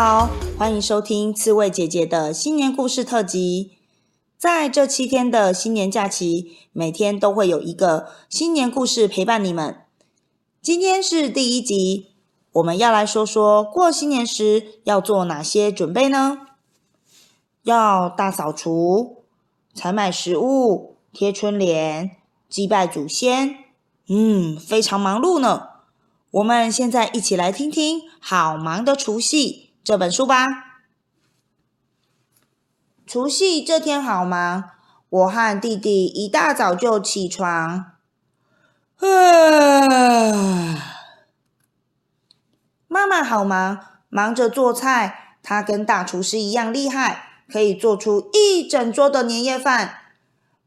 好，歡迎收聽刺蝟姐姐的新年故事特輯。在這七天的新年假期，每天都會有一個新年故事陪伴你們。今天是第一集，我們要來說說過新年時要做哪些準備呢？要大掃除、採買食物、貼春聯、祭拜祖先，嗯，非常忙碌呢。我們現在一起來聽聽《好忙的除夕》。這本書吧。除夕這天好忙，我和弟弟一大早就起床。呵呵，媽媽好忙，忙着做菜，她跟大廚師一樣厲害，可以做出一整桌的年夜飯。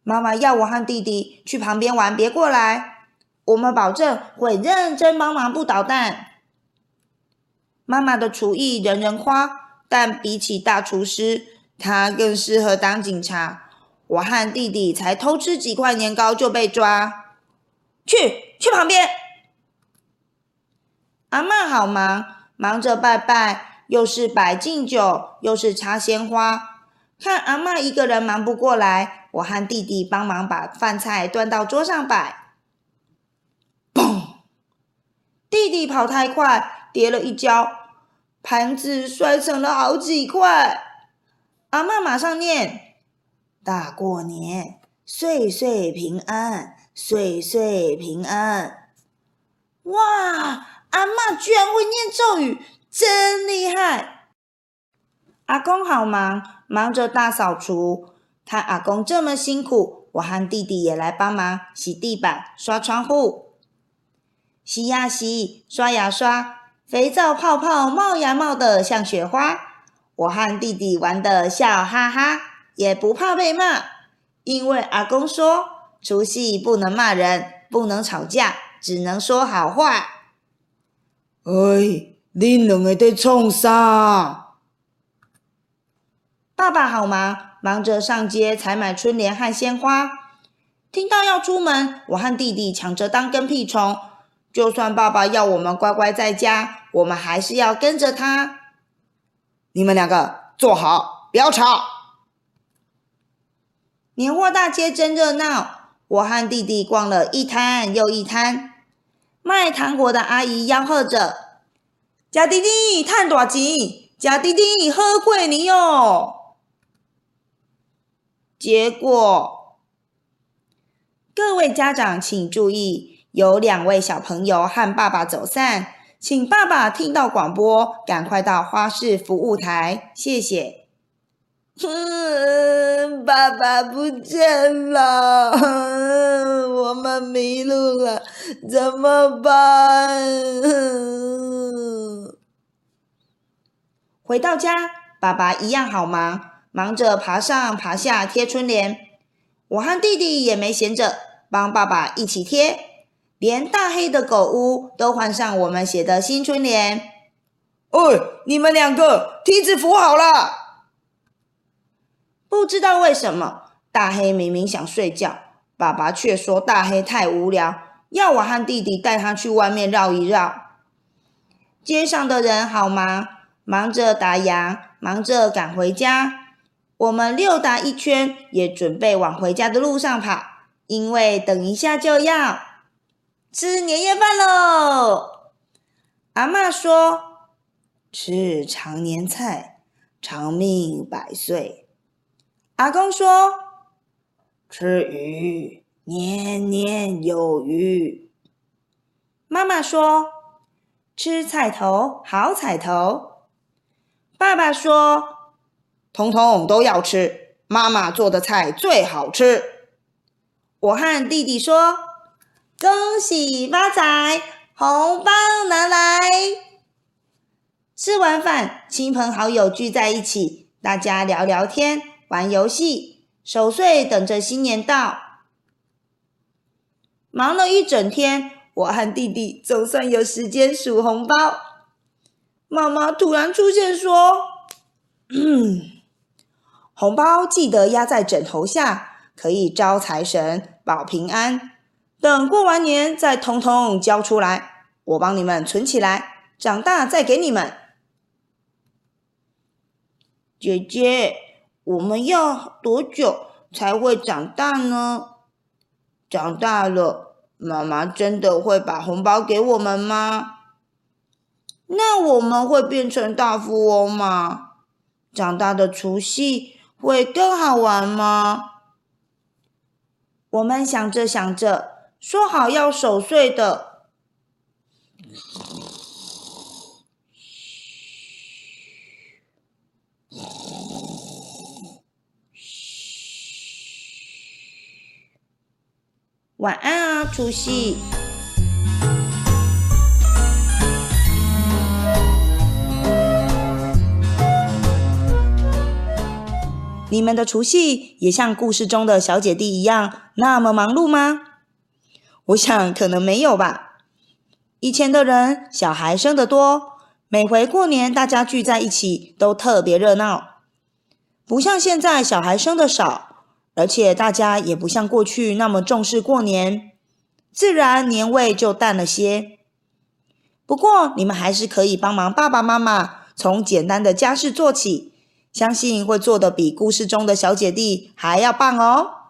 媽媽要我和弟弟去旁邊玩，別過來。我們保證會認真幫忙，不搗蛋。媽媽的廚藝人人誇，但比起大廚師，她更適合當警察。我和弟弟才偷吃幾塊年糕就被抓。去，去旁邊！阿媽好忙，忙着拜拜，又是擺敬酒，又是插鮮花。看阿媽一個人忙不過來，我和弟弟幫忙把飯菜端到桌上擺。砰！弟弟跑太快，跌了一跤。盤子摔成了好幾塊，阿媽馬上念：“大過年，歲歲平安，歲歲平安。”哇，阿媽居然會念咒語，真厲害！阿公好忙，忙着大掃除。看阿公這麼辛苦，我和弟弟也來幫忙洗地板、刷窗戶。洗呀洗，刷呀刷。肥皂泡泡冒呀冒的像雪花，我和弟弟玩得笑哈哈，也不怕被罵，因為阿公說除夕不能罵人，不能吵架，只能說好話。哎，你兩個在衝啥？爸爸好忙，忙着上街採買春聯和鮮花。聽到要出門，我和弟弟搶着當跟屁蟲。就算爸爸要我們乖乖在家，我們還是要跟着他。你們兩個坐好，不要吵。年貨大街真熱鬧，我和弟弟逛了一攤又一攤。賣糖果的阿姨吆喝着：“假弟弟賺大錢，假弟弟好過年哦。”結果，各位家長請注意。有兩位小朋友和爸爸走散，請爸爸聽到廣播，趕快到花市服務台，謝謝。嗯，爸爸不見了，我們迷路了，怎麼辦？嗯。回到家，爸爸一樣好忙，忙着爬上爬下貼春聯。我和弟弟也沒閒着，幫爸爸一起貼。連大黑的狗屋都換上我們寫的新春聯。哦，你們兩個梯子扶好了！不知道為什麼，大黑明明想睡覺，爸爸卻說大黑太無聊，要我和弟弟帶他去外面繞一繞。街上的人好忙，忙着打烊，忙着趕回家。我們溜達一圈，也準備往回家的路上跑，因為等一下就要。吃年夜飯嘍！阿媽說：“吃長年菜，長命百歲。”阿公說：“吃魚，年年有餘。”媽媽說：“吃菜頭，好彩頭。”爸爸說：“統統都要吃，媽媽做的菜最好吃。”我和弟弟說。恭喜發財，紅包拿來！吃完飯，親朋好友聚在一起，大家聊聊天、玩遊戲，守歲等着新年到。忙了一整天，我和弟弟總算有時間數紅包。媽媽突然出現說：“嗯，紅包記得壓在枕頭下，可以招財神，保平安。”等過完年再統統交出來，我幫你們存起來，長大再給你們。姐姐，我們要多久才會長大呢？長大了，媽媽真的會把紅包給我們嗎？那我們會變成大富翁嗎？長大的除夕會更好玩嗎？我們想着想着。說好要守歲的，噓，噓， 晚安啊，除夕！你們的除夕也像故事中的小姐弟一樣那麼忙碌嗎？我想可能沒有吧，以前的人小孩生得多，每回過年大家聚在一起都特別熱鬧，不像現在小孩生得少，而且大家也不像過去那麼重視過年，自然年味就淡了些。不過你們還是可以幫忙爸爸媽媽從簡單的家事做起，相信會做得比故事中的小姐弟還要棒哦。